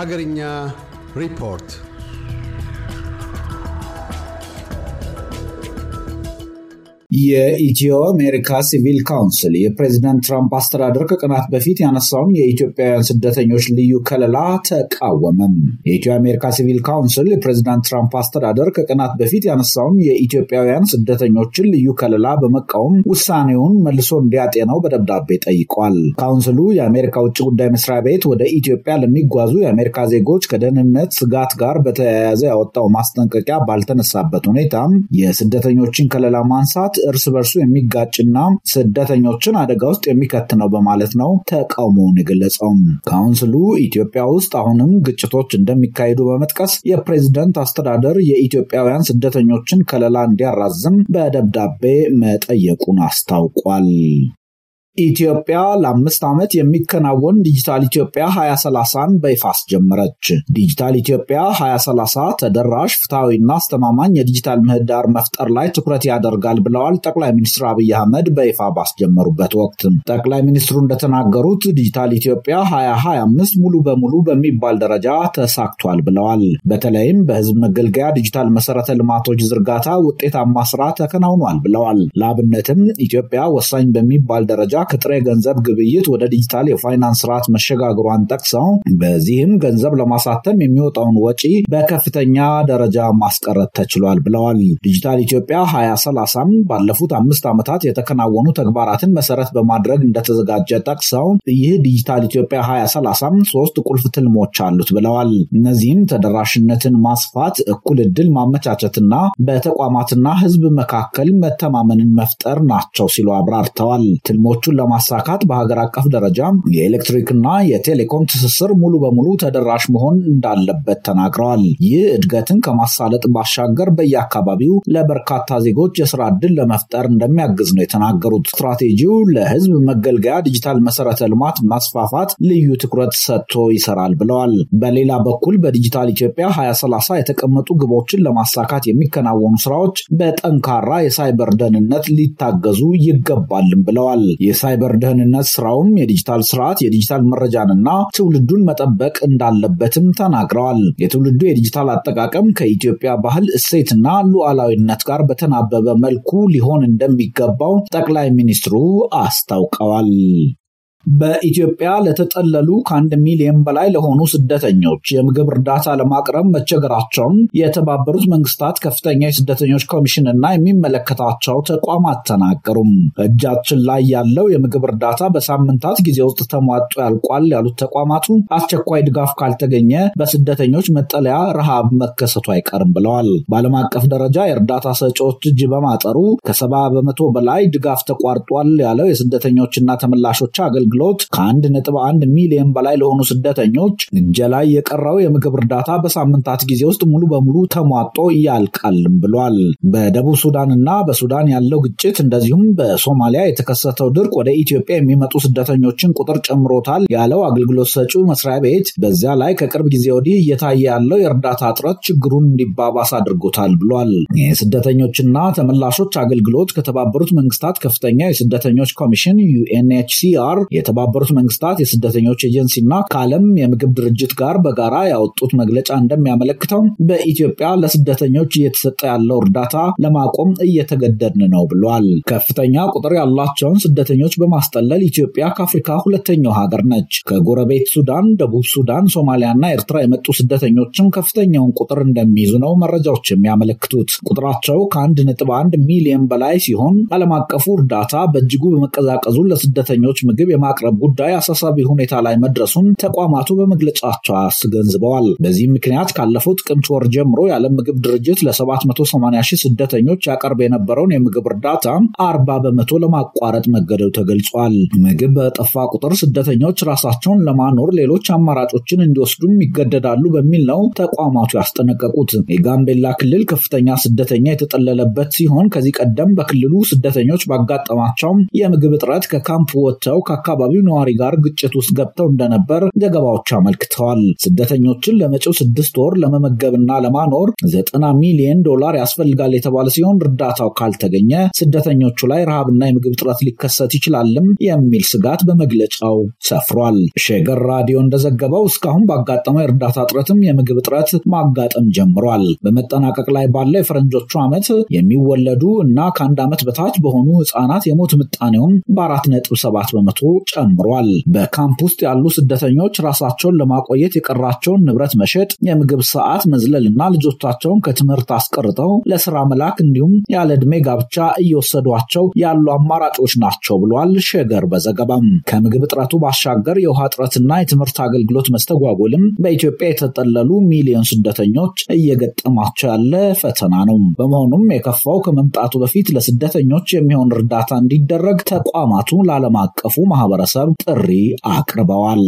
Hagerinya Report የኢትዮ አሜሪካ ሲቪል ካውንስል የፕሬዚዳንት ትራምፕ አስተዳደር ከቀናት በፊት ያነሳውን የኢትዮጵያውያን ስደተኞች ልዩ ከለላ ተቃወመም። የኢትዮ አሜሪካ ሲቪል ካውንስል የፕሬዚዳንት ትራምፕ አስተዳደር ከቀናት በፊት ያነሳውን የኢትዮጵያውያን ስደተኞችን ልዩ ከለላ በመቃወም ውሳኔውን መልሶ እንዲያጤነው በደብዳቤ ጠይቋል። ካውንስሉ የአሜሪካ ውጭ ጉዳይ መስሪያ ቤት ወደ ኢትዮጵያ ለሚጓዙ የአሜሪካ ዜጎች ከደህንነት ስጋት ጋር በተያያዘ ያወጣው ማስጠንቀቂያ ባልተነሳበት ሁኔታም የስደተኞችን ከለላ ማንሳት እርስ በርሱ የሚጋጭና ስደተኞችን አደጋ ውስጥ የሚከት ነው በማለት ነው ተቃውሞውን የገለጸው። ካውንስሉ ኢትዮጵያ ውስጥ አሁንም ግጭቶች እንደሚካሄዱ በመጥቀስ የፕሬዝደንት አስተዳደር የኢትዮጵያውያን ስደተኞችን ከለላ እንዲያራዝም በደብዳቤ መጠየቁን አስታውቋል። ኢትዮጵያ ለአምስት ዓመት የሚከናወን ዲጂታል ኢትዮጵያ 2030ን በይፋ አስጀመረች። ዲጂታል ኢትዮጵያ 2030 ተደራሽ ፍትሐዊና አስተማማኝ የዲጂታል ምህዳር መፍጠር ላይ ትኩረት ያደርጋል ብለዋል ጠቅላይ ሚኒስትር አብይ አህመድ በይፋ ባስጀመሩበት ወቅት። ጠቅላይ ሚኒስትሩ እንደተናገሩት ዲጂታል ኢትዮጵያ 2025 ሙሉ በሙሉ በሚባል ደረጃ ተሳክቷል ብለዋል። በተለይም በህዝብ መገልገያ ዲጂታል መሰረተ ልማቶች ዝርጋታ ውጤታማ ስራ ተከናውኗል ብለዋል። ለአብነትም ኢትዮጵያ ወሳኝ በሚባል ደረጃ ከጥሬ ገንዘብ ግብይት ወደ ዲጂታል የፋይናንስ ስርዓት መሸጋገሯን ጠቅሰው በዚህም ገንዘብ ለማሳተም የሚወጣውን ወጪ በከፍተኛ ደረጃ ማስቀረት ተችሏል ብለዋል። ዲጂታል ኢትዮጵያ 2030 ባለፉት አምስት ዓመታት የተከናወኑ ተግባራትን መሰረት በማድረግ እንደተዘጋጀ ጠቅሰው ይህ ዲጂታል ኢትዮጵያ 2030 ሶስት ቁልፍ ትልሞች አሉት ብለዋል። እነዚህም ተደራሽነትን ማስፋት፣ እኩል እድል ማመቻቸትና በተቋማትና ህዝብ መካከል መተማመንን መፍጠር ናቸው ሲሉ አብራርተዋል። ትልሞቹ ግቦቹን ለማሳካት በሀገር አቀፍ ደረጃ የኤሌክትሪክና የቴሌኮም ትስስር ሙሉ በሙሉ ተደራሽ መሆን እንዳለበት ተናግረዋል። ይህ እድገትን ከማሳለጥ ባሻገር በየአካባቢው ለበርካታ ዜጎች የስራ ዕድል ለመፍጠር እንደሚያግዝ ነው የተናገሩት። ስትራቴጂው ለህዝብ መገልገያ ዲጂታል መሰረተ ልማት ማስፋፋት ልዩ ትኩረት ሰጥቶ ይሰራል ብለዋል። በሌላ በኩል በዲጂታል ኢትዮጵያ 2030 የተቀመጡ ግቦችን ለማሳካት የሚከናወኑ ስራዎች በጠንካራ የሳይበር ደህንነት ሊታገዙ ይገባልም ብለዋል። የሳይበር ደህንነት ስራውም የዲጂታል ስርዓት የዲጂታል መረጃንና ትውልዱን መጠበቅ እንዳለበትም ተናግረዋል። የትውልዱ የዲጂታል አጠቃቀም ከኢትዮጵያ ባህል እሴትና ሉዓላዊነት ጋር በተናበበ መልኩ ሊሆን እንደሚገባው ጠቅላይ ሚኒስትሩ አስታውቀዋል። በኢትዮጵያ ለተጠለሉ ከአንድ ሚሊዮን በላይ ለሆኑ ስደተኞች የምግብ እርዳታ ለማቅረብ መቸገራቸውን የተባበሩት መንግስታት ከፍተኛ የስደተኞች ኮሚሽንና የሚመለከታቸው ተቋማት ተናገሩም። በእጃችን ላይ ያለው የምግብ እርዳታ በሳምንታት ጊዜ ውስጥ ተሟጦ ያልቋል ያሉት ተቋማቱ አስቸኳይ ድጋፍ ካልተገኘ በስደተኞች መጠለያ ረሃብ መከሰቱ አይቀርም ብለዋል። በዓለም አቀፍ ደረጃ የእርዳታ ሰጪዎች እጅ በማጠሩ ከሰባ በመቶ በላይ ድጋፍ ተቋርጧል ያለው የስደተኞችና ተመላሾች አገልግሎት አገልግሎት ከአንድ ነጥብ አንድ ሚሊዮን በላይ ለሆኑ ስደተኞች እጀ ላይ የቀረው የምግብ እርዳታ በሳምንታት ጊዜ ውስጥ ሙሉ በሙሉ ተሟጦ ያልቃልም ብሏል። በደቡብ ሱዳንና በሱዳን ያለው ግጭት እንደዚሁም በሶማሊያ የተከሰተው ድርቅ ወደ ኢትዮጵያ የሚመጡ ስደተኞችን ቁጥር ጨምሮታል ያለው አገልግሎት ሰጪው መስሪያ ቤት በዚያ ላይ ከቅርብ ጊዜ ወዲህ እየታየ ያለው የእርዳታ እጥረት ችግሩን እንዲባባስ አድርጎታል ብሏል። የስደተኞችና ተመላሾች አገልግሎት ከተባበሩት መንግስታት ከፍተኛ የስደተኞች ኮሚሽን ዩኤንኤችሲአር የተባበሩት መንግስታት የስደተኞች ኤጀንሲና ከዓለም የምግብ ድርጅት ጋር በጋራ ያወጡት መግለጫ እንደሚያመለክተው በኢትዮጵያ ለስደተኞች እየተሰጠ ያለው እርዳታ ለማቆም እየተገደድን ነው ብሏል። ከፍተኛ ቁጥር ያላቸውን ስደተኞች በማስጠለል ኢትዮጵያ ከአፍሪካ ሁለተኛው ሀገር ነች። ከጎረቤት ሱዳን፣ ደቡብ ሱዳን፣ ሶማሊያና ኤርትራ የመጡ ስደተኞችም ከፍተኛውን ቁጥር እንደሚይዙ ነው መረጃዎች የሚያመለክቱት። ቁጥራቸው ከአንድ ነጥብ አንድ ሚሊዮን በላይ ሲሆን ዓለም አቀፉ እርዳታ በእጅጉ በመቀዛቀዙ ለስደተኞች ምግብ የማ በማቅረብ ጉዳይ አሳሳቢ ሁኔታ ላይ መድረሱን ተቋማቱ በመግለጫቸው አስገንዝበዋል። በዚህም ምክንያት ካለፈው ጥቅምት ወር ጀምሮ የዓለም ምግብ ድርጅት ለ780 ሺህ ስደተኞች ያቀርብ የነበረውን የምግብ እርዳታ 40 በመቶ ለማቋረጥ መገደው ተገልጿል። ምግብ በጠፋ ቁጥር ስደተኞች ራሳቸውን ለማኖር ሌሎች አማራጮችን እንዲወስዱም ይገደዳሉ በሚል ነው ተቋማቱ ያስጠነቀቁት። የጋምቤላ ክልል ከፍተኛ ስደተኛ የተጠለለበት ሲሆን ከዚህ ቀደም በክልሉ ስደተኞች ባጋጠማቸውም የምግብ እጥረት ከካምፕ ወጥተው ከአካባቢ የአካባቢው ነዋሪ ጋር ግጭት ውስጥ ገብተው እንደነበር ዘገባዎች አመልክተዋል። ስደተኞችን ለመጪው ስድስት ወር ለመመገብና ለማኖር ዘጠና ሚሊየን ዶላር ያስፈልጋል የተባለ ሲሆን እርዳታው ካልተገኘ ስደተኞቹ ላይ ረሃብና የምግብ እጥረት ሊከሰት ይችላልም የሚል ስጋት በመግለጫው ሰፍሯል። ሸገር ራዲዮ እንደዘገበው እስካሁን ባጋጠመው የእርዳታ እጥረትም የምግብ እጥረት ማጋጠም ጀምሯል። በመጠናቀቅ ላይ ባለ የፈረንጆቹ ዓመት የሚወለዱ እና ከአንድ ዓመት በታች በሆኑ ህጻናት የሞት ምጣኔውም በአራት ነጥብ ሰባት በመቶ ጨምሯል። በካምፕ ውስጥ ያሉ ስደተኞች ራሳቸውን ለማቆየት የቀራቸውን ንብረት መሸጥ፣ የምግብ ሰዓት መዝለልና ልጆቻቸውን ከትምህርት አስቀርተው ለስራ መላክ እንዲሁም ያለ ዕድሜ ጋብቻ እየወሰዷቸው ያሉ አማራጮች ናቸው ብሏል ሸገር በዘገባም። ከምግብ እጥረቱ ባሻገር የውሃ እጥረትና የትምህርት አገልግሎት መስተጓጎልም በኢትዮጵያ የተጠለሉ ሚሊዮን ስደተኞች እየገጠማቸው ያለ ፈተና ነው። በመሆኑም የከፋው ከመምጣቱ በፊት ለስደተኞች የሚሆን እርዳታ እንዲደረግ ተቋማቱ ለዓለም አቀፉ ማህበር ማህበረሰብ ጥሪ አቅርበዋል።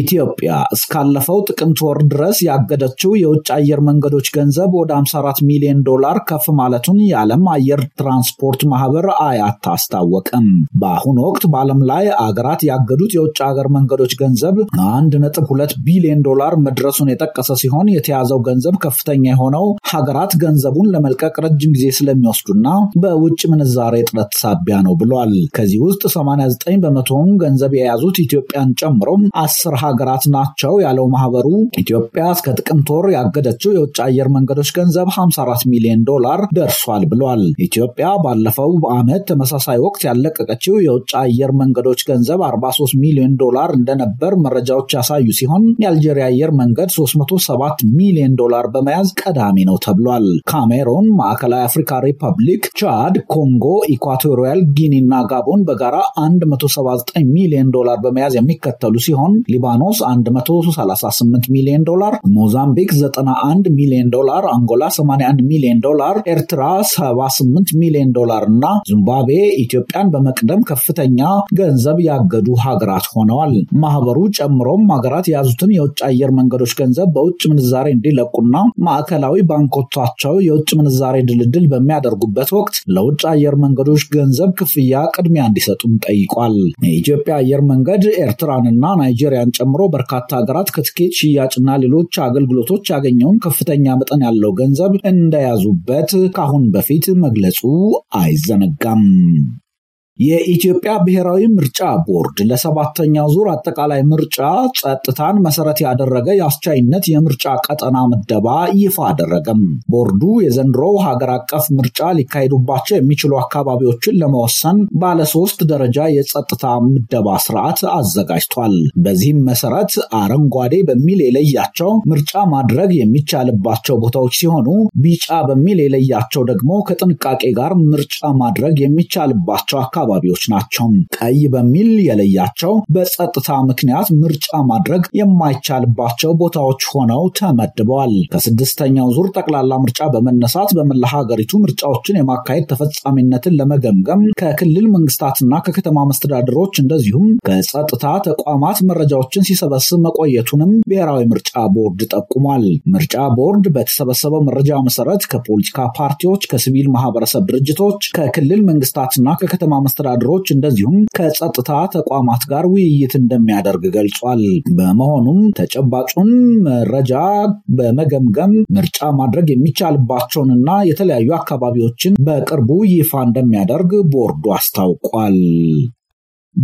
ኢትዮጵያ እስካለፈው ጥቅምት ወር ድረስ ያገደችው የውጭ አየር መንገዶች ገንዘብ ወደ 54 ሚሊዮን ዶላር ከፍ ማለቱን የዓለም አየር ትራንስፖርት ማህበር አያት አስታወቅም። በአሁኑ ወቅት በዓለም ላይ አገራት ያገዱት የውጭ አገር መንገዶች ገንዘብ 1.2 ቢሊዮን ዶላር መድረሱን የጠቀሰ ሲሆን የተያዘው ገንዘብ ከፍተኛ የሆነው ሀገራት ገንዘቡን ለመልቀቅ ረጅም ጊዜ ስለሚወስዱና በውጭ ምንዛሬ እጥረት ሳቢያ ነው ብሏል። ከዚህ ውስጥ 89 በመቶውን ገንዘብ የያዙት ኢትዮጵያን ጨምሮም 10 ሀገራት ናቸው ያለው ማህበሩ ኢትዮጵያ እስከ ጥቅምት ወር ያገደችው የውጭ አየር መንገዶች ገንዘብ 54 ሚሊዮን ዶላር ደርሷል ብሏል። ኢትዮጵያ ባለፈው ዓመት ተመሳሳይ ወቅት ያለቀቀችው የውጭ አየር መንገዶች ገንዘብ 43 ሚሊዮን ዶላር እንደነበር መረጃዎች ያሳዩ ሲሆን የአልጄሪያ አየር መንገድ 307 ሚሊዮን ዶላር በመያዝ ቀዳሚ ነው ተብሏል። ካሜሮን፣ ማዕከላዊ አፍሪካ ሪፐብሊክ፣ ቻድ፣ ኮንጎ፣ ኢኳቶሪያል ጊኒ እና ጋቦን በጋራ 179 ሚሊዮን ዶላር በመያዝ የሚከተሉ ሲሆን ሊባኖስ 138 ሚሊዮን ዶላር፣ ሞዛምቢክ 91 ሚሊዮን ዶላር፣ አንጎላ 81 ሚሊዮን ዶላር፣ ኤርትራ 78 ሚሊዮን ዶላር እና ዚምባብዌ ኢትዮጵያን በመቅደም ከፍተኛ ገንዘብ ያገዱ ሀገራት ሆነዋል። ማህበሩ ጨምሮም ሀገራት የያዙትን የውጭ አየር መንገዶች ገንዘብ በውጭ ምንዛሬ እንዲለቁና ማዕከላዊ ባንኮቻቸው የውጭ ምንዛሬ ድልድል በሚያደርጉበት ወቅት ለውጭ አየር መንገዶች ገንዘብ ክፍያ ቅድሚያ እንዲሰጡም ጠይቋል። የኢትዮጵያ አየር መንገድ ኤርትራንና ናይጄሪያን ኢትዮጵያን ጨምሮ በርካታ ሀገራት ከትኬት ሽያጭና ሌሎች አገልግሎቶች ያገኘውን ከፍተኛ መጠን ያለው ገንዘብ እንደያዙበት ከአሁን በፊት መግለጹ አይዘነጋም። የኢትዮጵያ ብሔራዊ ምርጫ ቦርድ ለሰባተኛ ዙር አጠቃላይ ምርጫ ጸጥታን መሰረት ያደረገ የአስቻይነት የምርጫ ቀጠና ምደባ ይፋ አደረገም። ቦርዱ የዘንድሮው ሀገር አቀፍ ምርጫ ሊካሄዱባቸው የሚችሉ አካባቢዎችን ለመወሰን ባለሶስት ደረጃ የጸጥታ ምደባ ስርዓት አዘጋጅቷል። በዚህም መሰረት አረንጓዴ በሚል የለያቸው ምርጫ ማድረግ የሚቻልባቸው ቦታዎች ሲሆኑ፣ ቢጫ በሚል የለያቸው ደግሞ ከጥንቃቄ ጋር ምርጫ ማድረግ የሚቻልባቸው አካባቢ አካባቢዎች ናቸው። ቀይ በሚል የለያቸው በጸጥታ ምክንያት ምርጫ ማድረግ የማይቻልባቸው ቦታዎች ሆነው ተመድበዋል። ከስድስተኛው ዙር ጠቅላላ ምርጫ በመነሳት በመላ ሀገሪቱ ምርጫዎችን የማካሄድ ተፈጻሚነትን ለመገምገም ከክልል መንግስታትና ከከተማ መስተዳድሮች እንደዚሁም ከጸጥታ ተቋማት መረጃዎችን ሲሰበስብ መቆየቱንም ብሔራዊ ምርጫ ቦርድ ጠቁሟል። ምርጫ ቦርድ በተሰበሰበው መረጃ መሰረት ከፖለቲካ ፓርቲዎች፣ ከሲቪል ማህበረሰብ ድርጅቶች፣ ከክልል መንግስታትና ከከተማ አስተዳድሮች እንደዚሁም ከጸጥታ ተቋማት ጋር ውይይት እንደሚያደርግ ገልጿል። በመሆኑም ተጨባጩን መረጃ በመገምገም ምርጫ ማድረግ የሚቻልባቸውንና የተለያዩ አካባቢዎችን በቅርቡ ይፋ እንደሚያደርግ ቦርዱ አስታውቋል።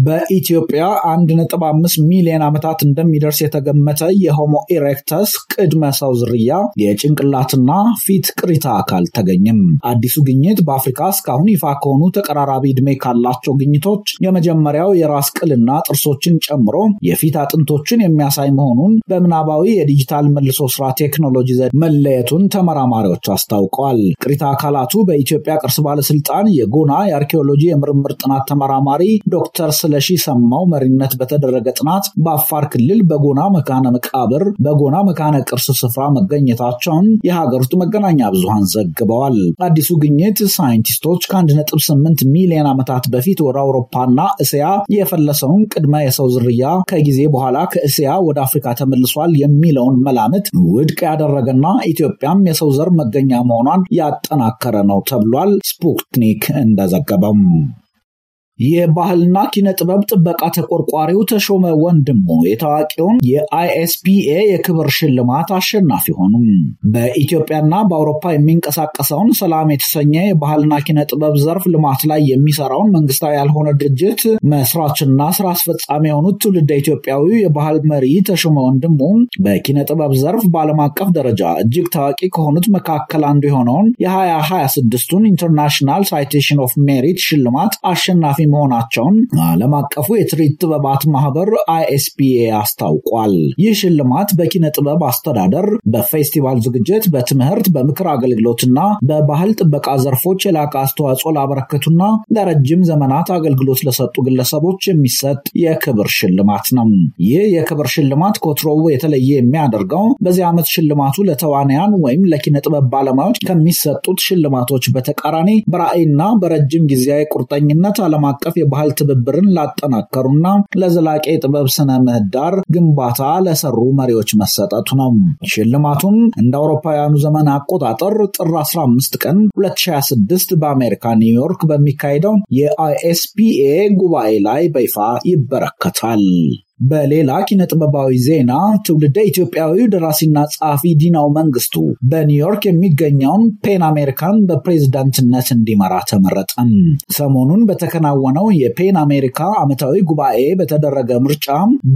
በኢትዮጵያ 1.5 ሚሊዮን ዓመታት እንደሚደርስ የተገመተ የሆሞ ኢሬክተስ ቅድመ ሰው ዝርያ የጭንቅላትና ፊት ቅሪታ አካል ተገኘም። አዲሱ ግኝት በአፍሪካ እስካሁን ይፋ ከሆኑ ተቀራራቢ ዕድሜ ካላቸው ግኝቶች የመጀመሪያው የራስ ቅልና ጥርሶችን ጨምሮ የፊት አጥንቶችን የሚያሳይ መሆኑን በምናባዊ የዲጂታል መልሶ ስራ ቴክኖሎጂ ዘዴ መለየቱን ተመራማሪዎች አስታውቀዋል። ቅሪታ አካላቱ በኢትዮጵያ ቅርስ ባለስልጣን የጎና የአርኪኦሎጂ የምርምር ጥናት ተመራማሪ ዶክተር ስለሺ ሰማው መሪነት በተደረገ ጥናት በአፋር ክልል በጎና መካነ መቃብር በጎና መካነ ቅርስ ስፍራ መገኘታቸውን የሀገሪቱ መገናኛ ብዙሃን ዘግበዋል። አዲሱ ግኝት ሳይንቲስቶች ከ1.8 ሚሊዮን ዓመታት በፊት ወደ አውሮፓና እስያ የፈለሰውን ቅድመ የሰው ዝርያ ከጊዜ በኋላ ከእስያ ወደ አፍሪካ ተመልሷል የሚለውን መላምት ውድቅ ያደረገና ኢትዮጵያም የሰው ዘር መገኛ መሆኗን ያጠናከረ ነው ተብሏል። ስፑትኒክ እንደዘገበም የባህልና ኪነ ጥበብ ጥበቃ ተቆርቋሪው ተሾመ ወንድሙ የታዋቂውን የአይኤስፒኤ የክብር ሽልማት አሸናፊ ሆኑ። በኢትዮጵያና በአውሮፓ የሚንቀሳቀሰውን ሰላም የተሰኘ የባህልና ኪነ ጥበብ ዘርፍ ልማት ላይ የሚሰራውን መንግስታዊ ያልሆነ ድርጅት መስራችና ስራ አስፈጻሚ የሆኑት ትውልደ ኢትዮጵያዊው የባህል መሪ ተሾመ ወንድሙ በኪነ ጥበብ ዘርፍ በዓለም አቀፍ ደረጃ እጅግ ታዋቂ ከሆኑት መካከል አንዱ የሆነውን የ2026ቱን ኢንተርናሽናል ሳይቴሽን ኦፍ ሜሪት ሽልማት አሸናፊ መሆናቸውን ዓለም አቀፉ የትርኢት ጥበባት ማህበር አይኤስፒኤ አስታውቋል። ይህ ሽልማት በኪነ ጥበብ አስተዳደር፣ በፌስቲቫል ዝግጅት፣ በትምህርት፣ በምክር አገልግሎትና በባህል ጥበቃ ዘርፎች የላቀ አስተዋጽኦ ላበረከቱና ለረጅም ዘመናት አገልግሎት ለሰጡ ግለሰቦች የሚሰጥ የክብር ሽልማት ነው። ይህ የክብር ሽልማት ኮትሮው የተለየ የሚያደርገው በዚህ ዓመት ሽልማቱ ለተዋንያን ወይም ለኪነ ጥበብ ባለሙያዎች ከሚሰጡት ሽልማቶች በተቃራኒ በራዕይና በረጅም ጊዜያዊ ቁርጠኝነት ዓለም አቀፍ የባህል ትብብርን ላጠናከሩና ለዘላቂ የጥበብ ስነ ምህዳር ግንባታ ለሰሩ መሪዎች መሰጠቱ ነው። ሽልማቱም እንደ አውሮፓውያኑ ዘመን አቆጣጠር ጥር 15 ቀን 2026 በአሜሪካ ኒውዮርክ በሚካሄደው የአይኤስፒኤ ጉባኤ ላይ በይፋ ይበረከታል። በሌላ ኪነጥበባዊ ዜና ትውልደ ኢትዮጵያዊ ደራሲና ጸሐፊ ዲናው መንግስቱ በኒውዮርክ የሚገኘውን ፔን አሜሪካን በፕሬዝዳንትነት እንዲመራ ተመረጠም። ሰሞኑን በተከናወነው የፔን አሜሪካ ዓመታዊ ጉባኤ በተደረገ ምርጫ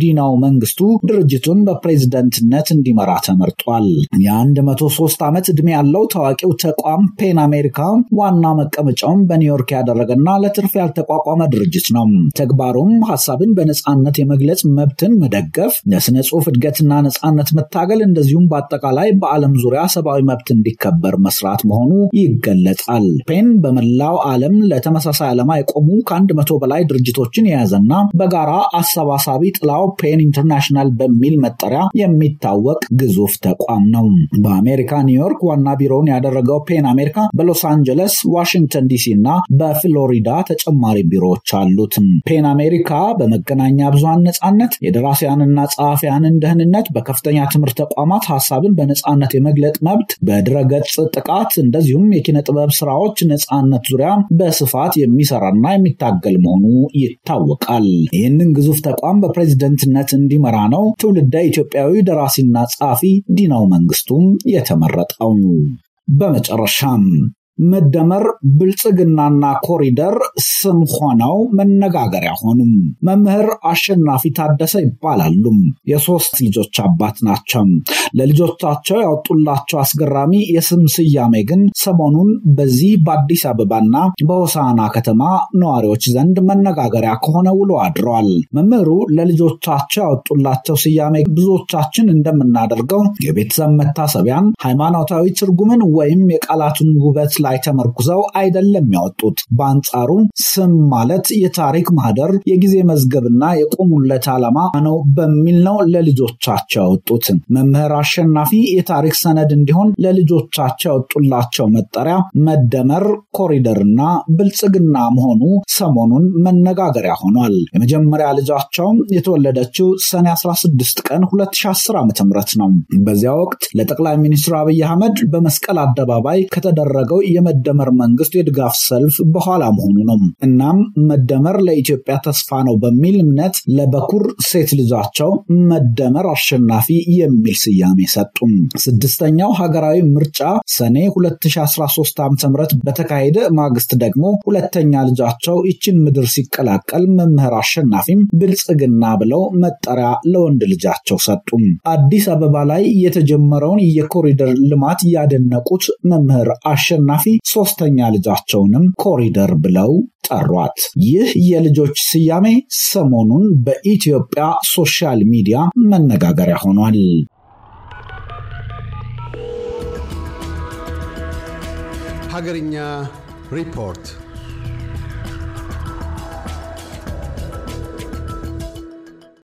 ዲናው መንግስቱ ድርጅቱን በፕሬዝዳንትነት እንዲመራ ተመርጧል። የ103 ዓመት ዕድሜ ያለው ታዋቂው ተቋም ፔን አሜሪካ ዋና መቀመጫውን በኒውዮርክ ያደረገና ለትርፍ ያልተቋቋመ ድርጅት ነው። ተግባሩም ሀሳብን በነፃነት የመግለጽ መብትን መደገፍ፣ ለስነ ጽሁፍ እድገትና ነጻነት መታገል እንደዚሁም በአጠቃላይ በዓለም ዙሪያ ሰብአዊ መብት እንዲከበር መስራት መሆኑ ይገለጻል። ፔን በመላው ዓለም ለተመሳሳይ ዓላማ የቆሙ ከአንድ መቶ በላይ ድርጅቶችን የያዘና በጋራ አሰባሳቢ ጥላው ፔን ኢንተርናሽናል በሚል መጠሪያ የሚታወቅ ግዙፍ ተቋም ነው። በአሜሪካ ኒውዮርክ ዋና ቢሮውን ያደረገው ፔን አሜሪካ በሎስ አንጀለስ፣ ዋሽንግተን ዲሲ እና በፍሎሪዳ ተጨማሪ ቢሮዎች አሉት። ፔን አሜሪካ በመገናኛ ብዙሃን ነጻነት ደህንነት፣ የደራሲያንና ጸሐፊያንን ደህንነት፣ በከፍተኛ ትምህርት ተቋማት ሀሳብን በነፃነት የመግለጥ መብት፣ በድረገጽ ጥቃት እንደዚሁም የኪነ ጥበብ ስራዎች ነፃነት ዙሪያ በስፋት የሚሰራና የሚታገል መሆኑ ይታወቃል። ይህንን ግዙፍ ተቋም በፕሬዝደንትነት እንዲመራ ነው ትውልደ ኢትዮጵያዊ ደራሲና ጸሐፊ ዲናው መንግስቱም የተመረጠው። በመጨረሻም መደመር ብልጽግናና ኮሪደር ስም ሆነው መነጋገሪያ ሆኑም። መምህር አሸናፊ ታደሰ ይባላሉ። የሶስት ልጆች አባት ናቸው። ለልጆቻቸው ያወጡላቸው አስገራሚ የስም ስያሜ ግን ሰሞኑን በዚህ በአዲስ አበባና በሆሳና ከተማ ነዋሪዎች ዘንድ መነጋገሪያ ከሆነ ውሎ አድሯል። መምህሩ ለልጆቻቸው ያወጡላቸው ስያሜ ብዙዎቻችን እንደምናደርገው የቤተሰብ መታሰቢያን፣ ሃይማኖታዊ ትርጉምን ወይም የቃላቱን ውበት ላይ ተመርኩዘው አይደለም ያወጡት። በአንጻሩ ስም ማለት የታሪክ ማህደር፣ የጊዜ መዝገብና የቆሙለት ዓላማ ነው በሚል ነው ለልጆቻቸው ያወጡት። መምህር አሸናፊ የታሪክ ሰነድ እንዲሆን ለልጆቻቸው ያወጡላቸው መጠሪያ መደመር፣ ኮሪደርና ብልጽግና መሆኑ ሰሞኑን መነጋገሪያ ሆኗል። የመጀመሪያ ልጃቸውም የተወለደችው ሰኔ 16 ቀን 2010 ዓ ም ነው። በዚያ ወቅት ለጠቅላይ ሚኒስትሩ አብይ አህመድ በመስቀል አደባባይ ከተደረገው የመደመር መንግስት የድጋፍ ሰልፍ በኋላ መሆኑ ነው። እናም መደመር ለኢትዮጵያ ተስፋ ነው በሚል እምነት ለበኩር ሴት ልጃቸው መደመር አሸናፊ የሚል ስያሜ ሰጡም። ስድስተኛው ሀገራዊ ምርጫ ሰኔ 2013 ዓ ም በተካሄደ ማግስት ደግሞ ሁለተኛ ልጃቸው ይችን ምድር ሲቀላቀል መምህር አሸናፊም ብልጽግና ብለው መጠሪያ ለወንድ ልጃቸው ሰጡም። አዲስ አበባ ላይ የተጀመረውን የኮሪደር ልማት ያደነቁት መምህር አሸናፊ ጸሐፊ ሶስተኛ ልጃቸውንም ኮሪደር ብለው ጠሯት። ይህ የልጆች ስያሜ ሰሞኑን በኢትዮጵያ ሶሻል ሚዲያ መነጋገሪያ ሆኗል። ሀገርኛ ሪፖርት